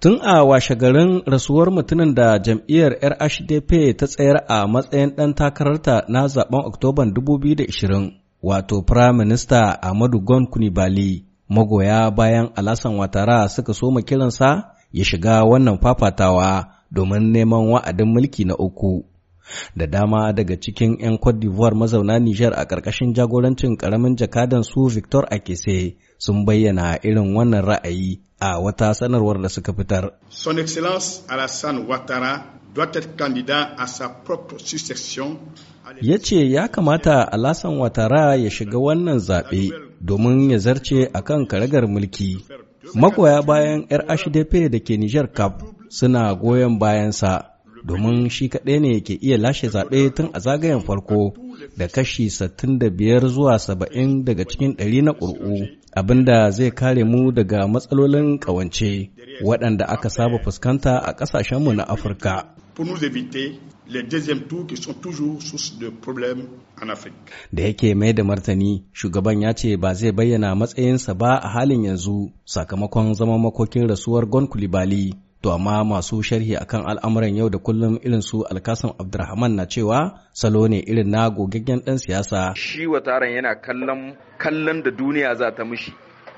Tun a washegarin rasuwar mutumin da jam'iyyar RHDP ta tsayar a matsayin ɗan takararta na zaben Oktoban 2020, wato Prime Minister Ahmadu Gon Kunibali, magoya bayan Alasan Watara suka soma kiransa ya shiga wannan fafatawa domin neman wa'adin mulki na uku. da dama daga cikin 'yan Cote d'Ivoire mazauna Nijar a ƙarƙashin jagorancin ƙaramin jakadan su Victor Akese sun bayyana irin wannan ra'ayi a wata sanarwar da suka fitar. Son Excellence Alassane Ouattara doit être candidat à sa propre succession. Ya ce ya kamata Alassane Ouattara ya shiga wannan zaɓe domin ya zarce a kan karagar mulki. Magoya bayan 'yar HDP da ke Nijar Cap suna goyon bayansa. domin shi kaɗai ne ke iya lashe zaɓe tun a zagayen farko da kashi 65 zuwa 70 daga cikin ɗari na ƙuri'u abinda zai kare mu daga matsalolin ƙawance waɗanda aka saba fuskanta a ƙasashenmu na afirka Da yake mai da martani, shugaban ya ce ba zai bayyana matsayinsa ba a halin yanzu sakamakon zama makokin rasuwar Gon Kulibali. To amma masu sharhi akan al'amuran yau da kullum irin su Alkasim Abdurrahman na cewa salo ne irin na gogaggen ɗan siyasa. Shi taron yana kallon kallon da duniya za ta mishi.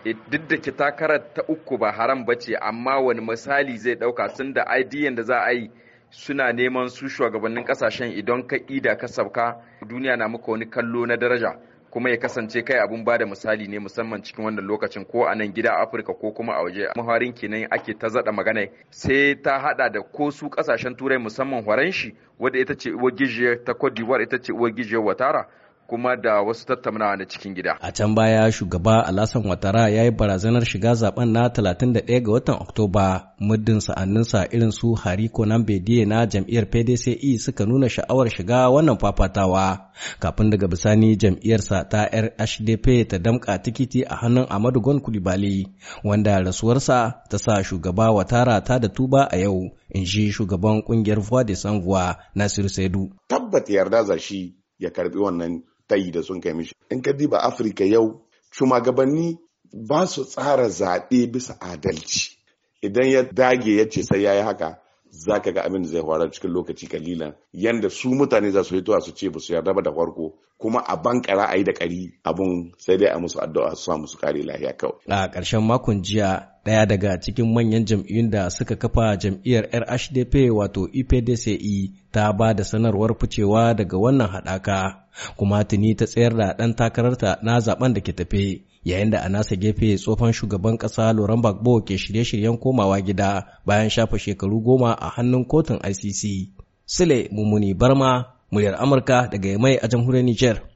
E, duk da ki takarar ta uku ba haram ba ce amma wani misali zai ɗauka sun da aidiyan da za a yi suna neman su shugabannin ƙasashen idan ka ida ka sauka duniya na muka wani kallo na daraja kuma ya kasance kai abun ba da misali ne musamman cikin wannan lokacin ko a nan gida a afirka ko kuma a waje muharin kenan ake ta zada magana sai ta hada da ko su kasashen turai musamman horanshi wadda ita ce uwar gijiyar ta cote ita ce uwar gijiyar watara kuma da wasu tattaunawa na cikin gida. A can baya shugaba Alasan Watara ya yi barazanar shiga zaben na 31 ga watan Oktoba muddin sa'anninsa irin su Hariko Bediye na jam'iyyar PDCE suka nuna sha'awar shiga wannan fafatawa. Kafin daga bisani jam'iyyarsa ta RHDP ta damƙa tikiti a hannun Amadu Gon Kulibali wanda rasuwarsa ta sa shugaba Watara ta da tuba a yau in ji shugaban ƙungiyar Voix de Sanvoix Nasiru Saidu. Tabbat yarda zashi ya karbi wannan tayi da sun kai mishi in ka diba afirka yau shugabanni ba su tsara zaɓe bisa adalci idan ya dage ya ce sai ya yi haka za ka ga abin da zai faru cikin lokaci kalilan yanda su mutane za su fitowa su ce ba su yarda ba da farko kuma a bankara a yi da kari abun sai dai a musu addu'a su sa musu kare lahiya kawai. a ƙarshen makon jiya ɗaya daga cikin manyan jam'iyyun da suka kafa jam'iyyar RHDP wato UPDCI e e, ta ba da sanarwar ficewa daga wannan haɗaka, kuma tuni ta tsayar da ɗan takararta na zaben da ke tafe, yayin da a nasa gefe tsofan shugaban ƙasa Laurent Gbagbo ke shirye-shiryen komawa gida bayan shafa shekaru goma a hannun kotun ICC. Sule Mumuni Barma, muryar Amurka daga Yamai a jamhuriyar Nijar.